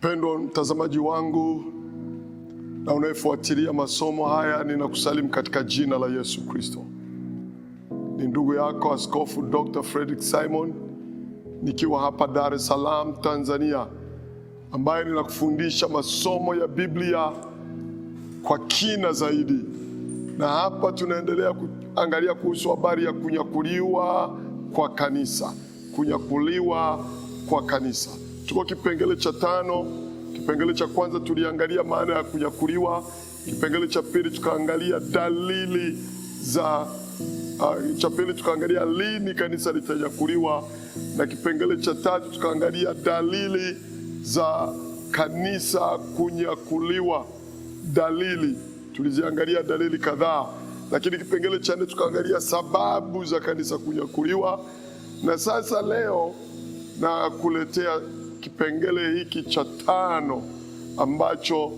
Mpendwa mtazamaji wangu na unayefuatilia masomo haya, ninakusalimu katika jina la Yesu Kristo. Ni ndugu yako Askofu Dr. Frederick Simon nikiwa hapa Dar es Salaam, Tanzania, ambaye ninakufundisha masomo ya Biblia kwa kina zaidi, na hapa tunaendelea kuangalia kuhusu habari ya kunyakuliwa kwa kanisa, kunyakuliwa kwa kanisa Chukua kipengele cha tano. Kipengele cha kwanza tuliangalia maana ya kunyakuliwa. Kipengele cha pili tukaangalia dalili za uh, cha pili tukaangalia lini kanisa litanyakuliwa, na kipengele cha tatu tukaangalia dalili za kanisa kunyakuliwa. Dalili tuliziangalia dalili kadhaa, lakini kipengele cha nne tukaangalia sababu za kanisa kunyakuliwa, na sasa leo na kuletea kipengele hiki cha tano ambacho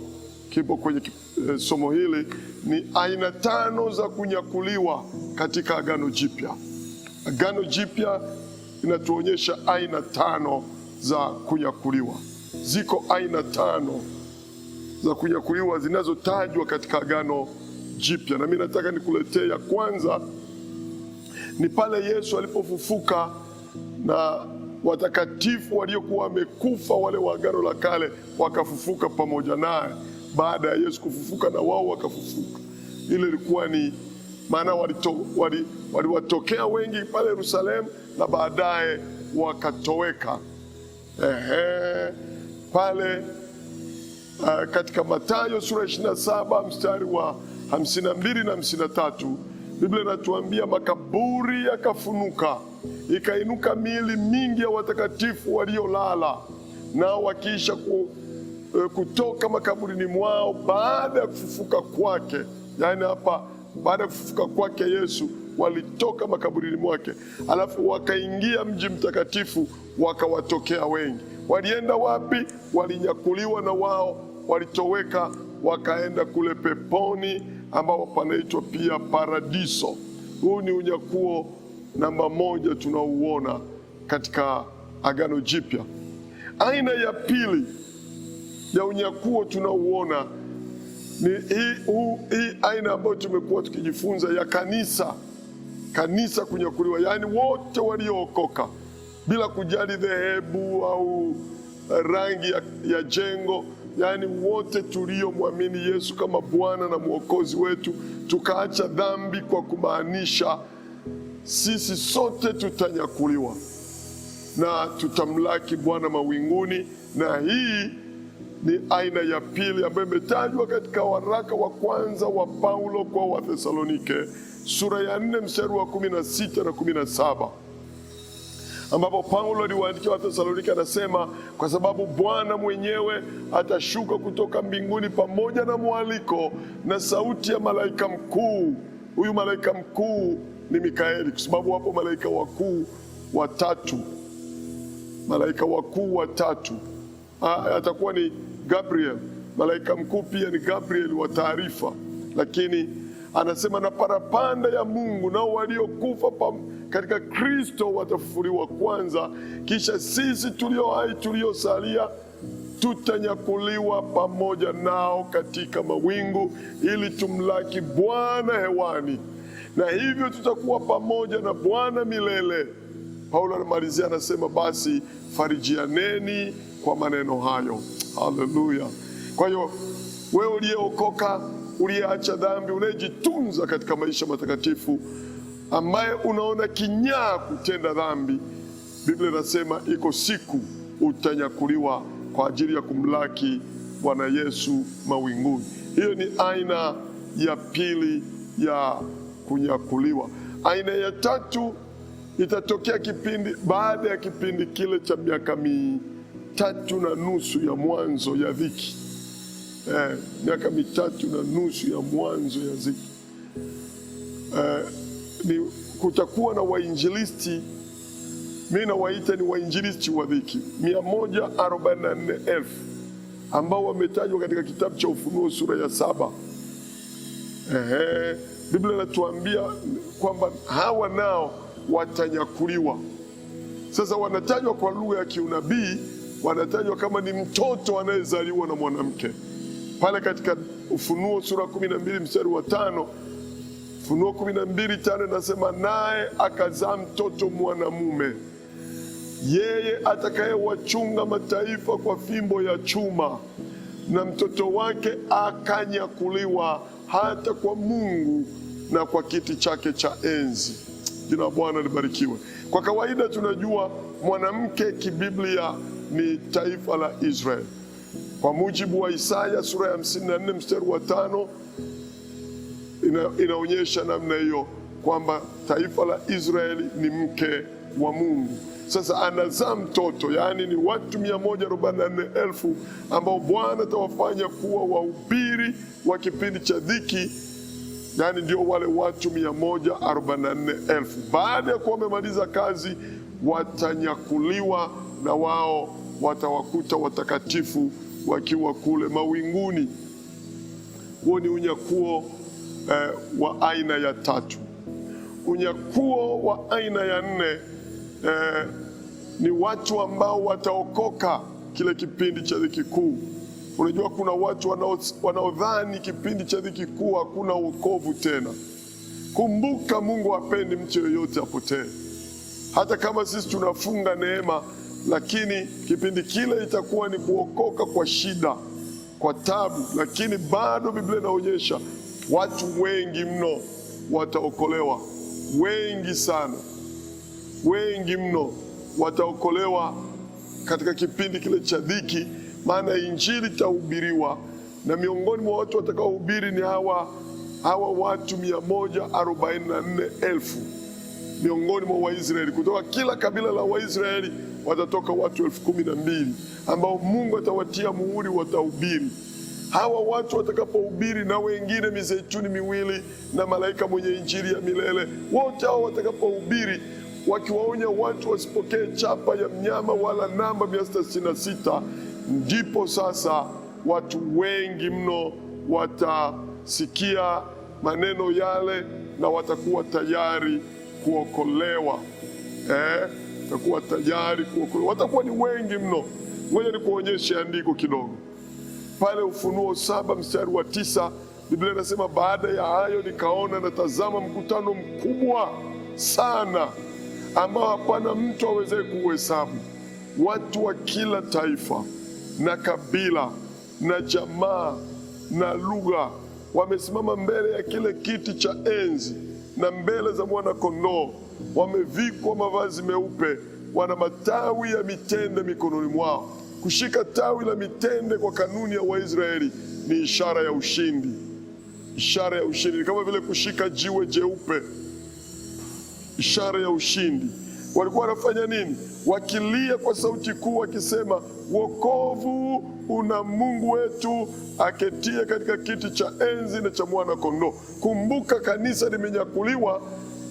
kipo kwenye eh, somo hili ni aina tano za kunyakuliwa katika Agano Jipya. Agano Jipya inatuonyesha aina tano za kunyakuliwa. Ziko aina tano za kunyakuliwa zinazotajwa katika Agano Jipya, na mimi nataka nikuletee ya kwanza ni pale Yesu alipofufuka na watakatifu waliokuwa wamekufa wale wa Agano la Kale wakafufuka pamoja naye baada ya Yesu kufufuka na wao wakafufuka. Ile ilikuwa ni maana waliwatokea wali wengi pale Yerusalemu na baadaye wakatoweka. Ehe, pale uh, katika Mathayo sura 27 mstari wa 52 na 53 Biblia inatuambia makaburi yakafunuka ikainuka miili mingi ya watakatifu waliolala, nao wakiisha ku, eh, kutoka makaburini mwao baada ya kufufuka kwake. Yaani hapa baada ya kufufuka kwake Yesu walitoka makaburini mwake, alafu wakaingia mji mtakatifu, wakawatokea wengi. Walienda wapi? Walinyakuliwa na wao, walitoweka wakaenda kule peponi, ambao panaitwa pia paradiso. Huu ni unyakuo namba moja tunauona katika Agano Jipya. Aina ya pili ya unyakuo tunauona ni hii, huu, hii aina ambayo tumekuwa tukijifunza ya kanisa, kanisa kunyakuliwa, yaani wote waliookoka bila kujali dhehebu au eh, rangi ya, ya jengo yaani wote tuliomwamini Yesu kama Bwana na Mwokozi wetu tukaacha dhambi kwa kumaanisha sisi sote tutanyakuliwa na tutamlaki Bwana mawinguni. Na hii ni aina ya pili ambayo imetajwa katika waraka wa kwanza wa Paulo kwa Wathesalonike sura ya nne mstari wa kumi na sita na kumi na saba ambapo Paulo aliwaandikia Wathesalonike anasema, kwa sababu Bwana mwenyewe atashuka kutoka mbinguni pamoja na mwaliko na sauti ya malaika mkuu. Huyu malaika mkuu ni Mikaeli, kwa sababu wapo malaika wakuu watatu. Malaika wakuu watatu ah, atakuwa ni Gabriel. Malaika mkuu pia ni Gabriel wa taarifa, lakini anasema na parapanda ya Mungu, nao waliokufa katika Kristo watafufuliwa kwanza, kisha sisi tulio hai tuliosalia tutanyakuliwa pamoja nao katika mawingu ili tumlaki Bwana hewani na hivyo tutakuwa pamoja na Bwana milele. Paulo anamalizia anasema, basi farijianeni kwa maneno hayo. Haleluya! Kwa hiyo wewe uliyeokoka, uliyeacha dhambi, unayejitunza katika maisha matakatifu, ambaye unaona kinyaa kutenda dhambi, Biblia inasema iko siku utanyakuliwa kwa ajili ya kumlaki Bwana Yesu mawinguni. Hiyo ni aina ya pili ya kunyakuliwa. Aina ya tatu itatokea kipindi baada ya kipindi kile cha miaka mitatu na nusu ya mwanzo ya dhiki. Eh, miaka mitatu na nusu ya mwanzo ya dhiki eh, ni kutakuwa na wainjilisti, mi nawaita ni wainjilisti wa dhiki mia moja na nne elfu ambao wametajwa katika kitabu cha Ufunuo sura ya saba. Ehe. Biblia inatuambia kwamba hawa nao watanyakuliwa. Sasa wanatajwa kwa lugha ya kiunabii, wanatajwa kama ni mtoto anayezaliwa na mwanamke. Pale katika Ufunuo sura 12 mstari wa tano, Ufunuo 12 tano inasema, naye akazaa mtoto mwanamume, yeye atakayewachunga mataifa kwa fimbo ya chuma, na mtoto wake akanyakuliwa hata kwa Mungu na kwa kiti chake cha enzi. Jina Bwana libarikiwe. Kwa kawaida tunajua mwanamke kibiblia ni taifa la Israeli. Kwa mujibu wa Isaya sura ya 54 mstari wa tano ina, inaonyesha namna hiyo kwamba taifa la Israeli ni mke wa Mungu. Sasa anazaa mtoto, yaani ni watu 144,000 ambao Bwana atawafanya kuwa wahubiri wa kipindi cha dhiki, yaani ndio wale watu 144,000. Baada ya kuwa wamemaliza kazi, watanyakuliwa na wao watawakuta watakatifu wakiwa kule mawinguni. Huo ni unyakuo eh, wa aina ya tatu. Unyakuo wa aina ya nne eh, ni watu ambao wataokoka kile kipindi cha dhiki kuu. Unajua, kuna watu wanaodhani kipindi cha dhiki kuu hakuna uokovu tena. Kumbuka, Mungu hapendi mtu yoyote apotee. Hata kama sisi tunafunga neema, lakini kipindi kile itakuwa ni kuokoka kwa shida, kwa tabu, lakini bado Biblia inaonyesha watu wengi mno wataokolewa, wengi sana wengi mno wataokolewa katika kipindi kile cha dhiki, maana injili itahubiriwa, na miongoni mwa watu watakaohubiri ni hawa hawa watu 144 miongoni mwa Waisraeli. Kutoka kila kabila la Waisraeli watatoka watu elfu kumi na mbili ambao Mungu atawatia muhuri, watahubiri. Hawa watu watakapohubiri, na wengine mizeituni miwili na malaika mwenye injili ya milele, wote hao watakapohubiri wakiwaonya watu wasipokee chapa ya mnyama wala namba 666. Ndipo sasa watu wengi mno watasikia maneno yale na watakuwa tayari kuokolewa eh, watakuwa tayari kuokolewa, watakuwa ni wengi mno. Ngoja nikuonyeshe andiko kidogo pale Ufunuo saba mstari wa tisa Biblia inasema, baada ya hayo nikaona, natazama mkutano mkubwa sana ambao hapana mtu aweze kuhesabu, watu wa kila taifa na kabila na jamaa na lugha wamesimama mbele ya kile kiti cha enzi na mbele za mwana-kondoo. Wamevikwa mavazi meupe, wana matawi ya mitende mikononi mwao. Kushika tawi la mitende kwa kanuni ya Waisraeli ni ishara ya ushindi. Ishara ya ushindi ni kama vile kushika jiwe jeupe ishara ya ushindi. Walikuwa wanafanya nini? Wakilia kwa sauti kuu wakisema, wokovu una Mungu wetu aketie katika kiti cha enzi na cha mwana kondoo. Kumbuka kanisa limenyakuliwa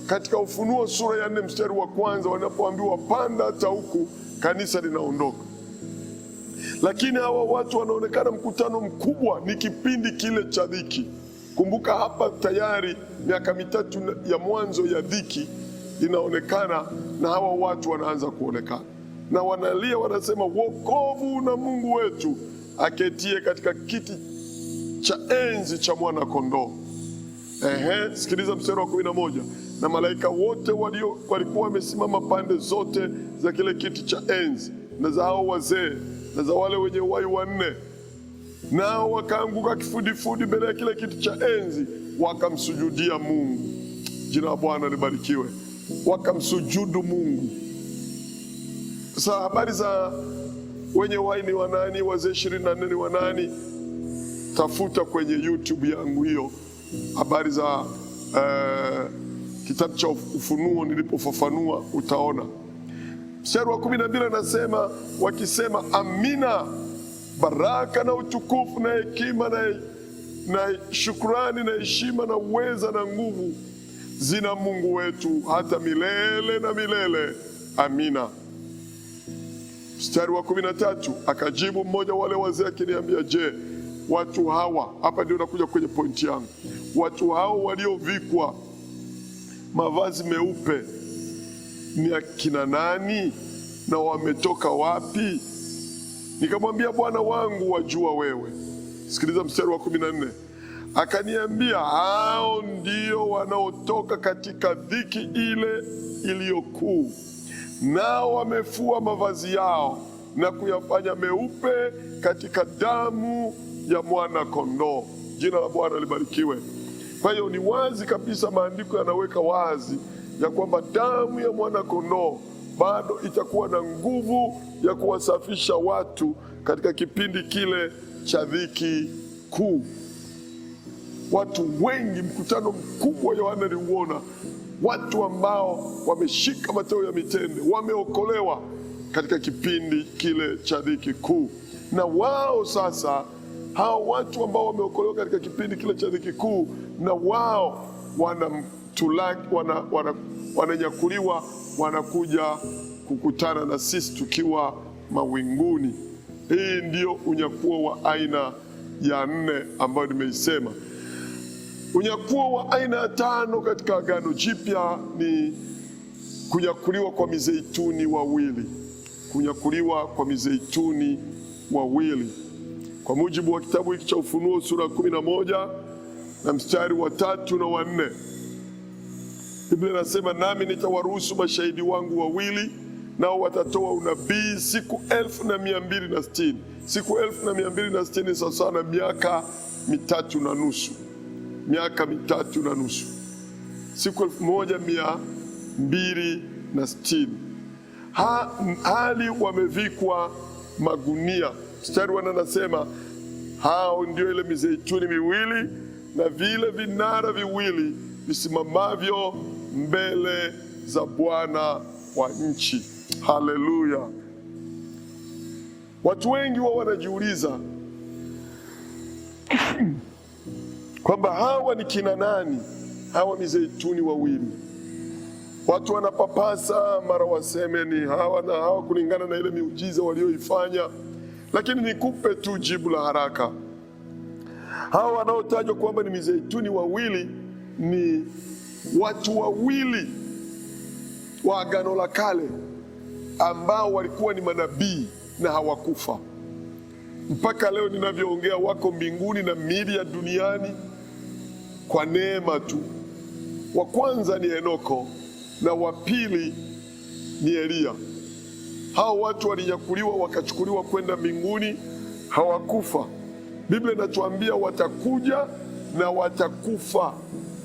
katika Ufunuo sura ya nne mstari wa kwanza wanapoambiwa panda hata huku, kanisa linaondoka. Lakini hawa watu wanaonekana mkutano mkubwa, ni kipindi kile cha dhiki. Kumbuka hapa tayari miaka mitatu ya mwanzo ya dhiki inaonekana na hawa watu wanaanza kuonekana na wanalia, wanasema wokovu na Mungu wetu aketie katika kiti cha enzi cha mwana kondoo. Ehe, sikiliza mstari wa kumi na moja na malaika wote walio walikuwa wamesimama pande zote za kile kiti cha enzi na za hao wazee na za wale wenye uhai wanne, nao wakaanguka kifudifudi mbele ya kile kiti cha enzi, wakamsujudia Mungu. Jina la Bwana libarikiwe wakamsujudu Mungu. Sasa habari za wenye waini ni wanani, wazee ishirini na nne ni wanani? Tafuta kwenye YouTube yangu hiyo habari za uh, kitabu cha Ufunuo nilipofafanua utaona. Mstari wa kumi na mbili anasema wakisema, amina, baraka na utukufu na hekima na, na shukrani na heshima na uweza na nguvu zina Mungu wetu hata milele na milele. Amina. Mstari wa kumi na tatu, akajibu mmoja wale wazee akiniambia, je, watu hawa hapa ndio nakuja kwenye pointi yangu, watu hawa waliovikwa mavazi meupe ni akina nani na wametoka wapi? Nikamwambia, Bwana wangu wajua wewe. Sikiliza mstari wa kumi na nne. Akaniambia hao ndio wanaotoka katika dhiki ile iliyokuu, nao wamefua mavazi yao na kuyafanya meupe katika damu ya mwana kondoo. Jina la Bwana libarikiwe. Kwa hiyo ni wazi kabisa, maandiko yanaweka wazi ya kwamba damu ya mwana kondoo bado itakuwa na nguvu ya kuwasafisha watu katika kipindi kile cha dhiki kuu watu wengi, mkutano mkubwa Yohana aliuona, watu ambao wameshika mateo ya mitende wameokolewa katika kipindi kile cha dhiki kuu. Na wao sasa, hao watu ambao wameokolewa katika kipindi kile cha dhiki kuu, na wao wananyakuliwa, wana, wana wanakuja kukutana na sisi tukiwa mawinguni. Hii ndio unyakuo wa aina ya nne ambayo nimeisema. Unyakuo wa aina ya tano katika Agano Jipya ni kunyakuliwa kwa mizeituni wawili, kunyakuliwa kwa mizeituni wawili. Kwa mujibu wa kitabu hiki cha Ufunuo sura kumi na moja na mstari wa tatu na wa nne, Biblia inasema nami nitawaruhusu mashahidi wangu wawili, nao watatoa unabii siku elfu na mia mbili na sitini siku elfu na mia mbili na sitini sawasawa na miaka mitatu na nusu miaka mitatu na nusu, siku elfu moja mia mbili na sitini ha, hali wamevikwa magunia. Mstari wana anasema hao ndio ile mizeituni miwili na vile vinara viwili visimamavyo mbele za Bwana wa nchi. Haleluya! Watu wengi wao wanajiuliza kwamba hawa ni kina nani? Hawa mizeituni wawili, watu wanapapasa, mara waseme ni hawa na hawa kulingana na ile miujiza walioifanya, lakini nikupe tu jibu la haraka. Hawa wanaotajwa kwamba ni mizeituni wawili ni watu wawili wa Agano la Kale ambao walikuwa ni manabii na hawakufa mpaka leo ninavyoongea, wako mbinguni na miili ya duniani kwa neema tu. Wa kwanza ni Henoko na wa pili ni Eliya. Hao watu walinyakuliwa wakachukuliwa kwenda mbinguni, hawakufa. Biblia inatuambia watakuja na watakufa,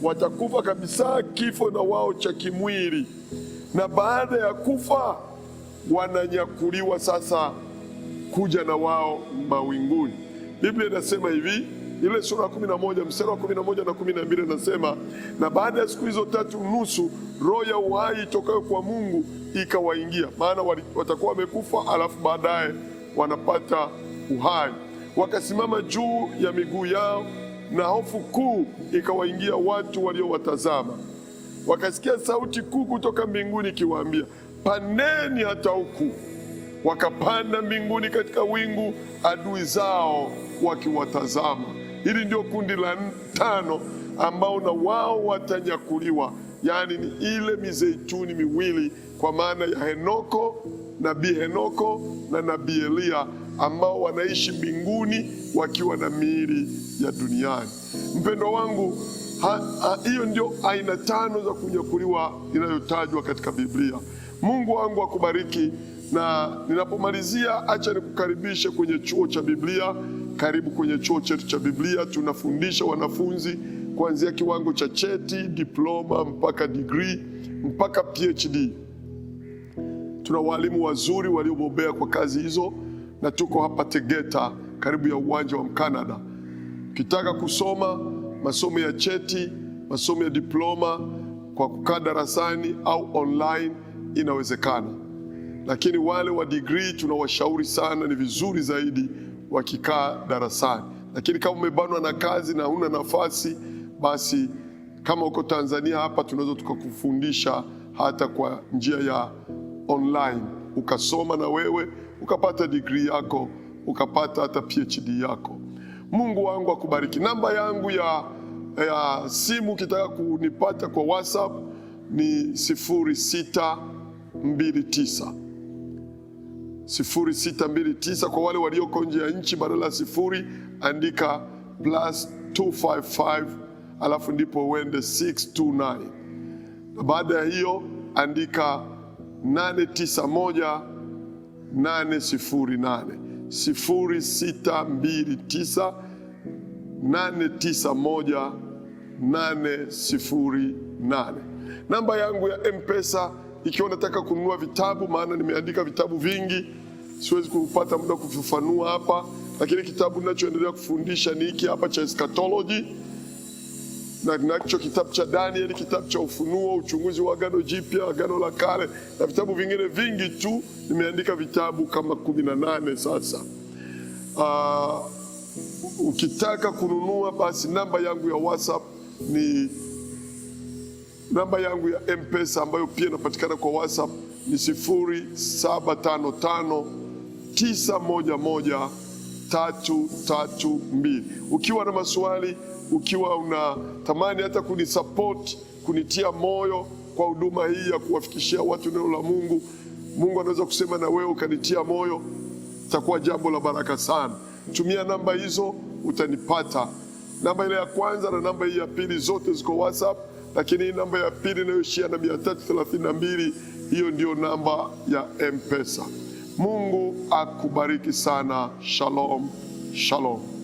watakufa kabisa kifo na wao cha kimwili, na baada ya kufa wananyakuliwa sasa kuja na wao mawinguni. Biblia inasema hivi ile sura ya kumi na moja mstari wa kumi na moja na kumi na mbili nasema, na baada ya siku hizo tatu nusu roho ya uhai itokayo kwa Mungu ikawaingia, maana watakuwa wamekufa, alafu baadaye wanapata uhai. Wakasimama juu ya miguu yao, na hofu kuu ikawaingia watu waliowatazama. Wakasikia sauti kuu kutoka mbinguni ikiwaambia, pandeni hata huku wakapanda mbinguni katika wingu, adui zao wakiwatazama. Hili ndio kundi la tano ambao na wao watanyakuliwa, yaani ni ile mizeituni miwili kwa maana ya Henoko, nabii Henoko na nabii Eliya ambao wanaishi mbinguni wakiwa na miili ya duniani. Mpendwa wangu, hiyo ndio aina tano za kunyakuliwa inayotajwa katika Biblia. Mungu wangu akubariki, na ninapomalizia, acha nikukaribishe kwenye chuo cha Biblia karibu kwenye chuo chetu cha Biblia tunafundisha wanafunzi kuanzia kiwango cha cheti, diploma mpaka digrii mpaka PhD. Tuna waalimu wazuri waliobobea kwa kazi hizo, na tuko hapa Tegeta karibu ya uwanja wa Mkanada. Ukitaka kusoma masomo ya cheti, masomo ya diploma kwa kukaa darasani au online inawezekana, lakini wale wa digrii tunawashauri sana, ni vizuri zaidi wakikaa darasani. Lakini kama umebanwa na kazi na una nafasi, basi kama uko Tanzania hapa, tunaweza tukakufundisha hata kwa njia ya online, ukasoma na wewe ukapata digri yako ukapata hata PhD yako. Mungu wangu akubariki. Namba yangu ya, ya simu ukitaka kunipata kwa WhatsApp ni 0629 0629 kwa wale walioko nje ya nchi, badala ya sifuri andika plus 255 alafu ndipo uende 629, na baada ya hiyo andika 891 808 0629 891 Namba yangu ya mpesa ikiwa nataka kununua vitabu, maana nimeandika vitabu vingi, siwezi kupata muda kufafanua hapa, lakini kitabu ninachoendelea kufundisha ni hiki hapa cha eschatology na nacho kitabu cha Danieli, kitabu cha Ufunuo, uchunguzi wa Agano Jipya, Agano la Kale na vitabu vingine vingi tu. Nimeandika vitabu kama kumi na nane sasa. Uh, ukitaka kununua basi namba yangu ya WhatsApp ni Namba yangu ya M-Pesa ambayo pia inapatikana kwa WhatsApp ni mbili. Ukiwa na maswali, ukiwa unatamani hata kunisapoti, kunitia moyo kwa huduma hii ya kuwafikishia watu neno la Mungu, Mungu anaweza kusema na wewe ukanitia moyo, itakuwa jambo la baraka sana. Tumia namba hizo utanipata, namba ile ya kwanza na namba hii ya pili, zote ziko WhatsApp lakini namba ya pili inayoishia na mia tatu na mbili hiyo ndiyo namba ya Mpesa. Mungu akubariki sana. Shalom, shalom.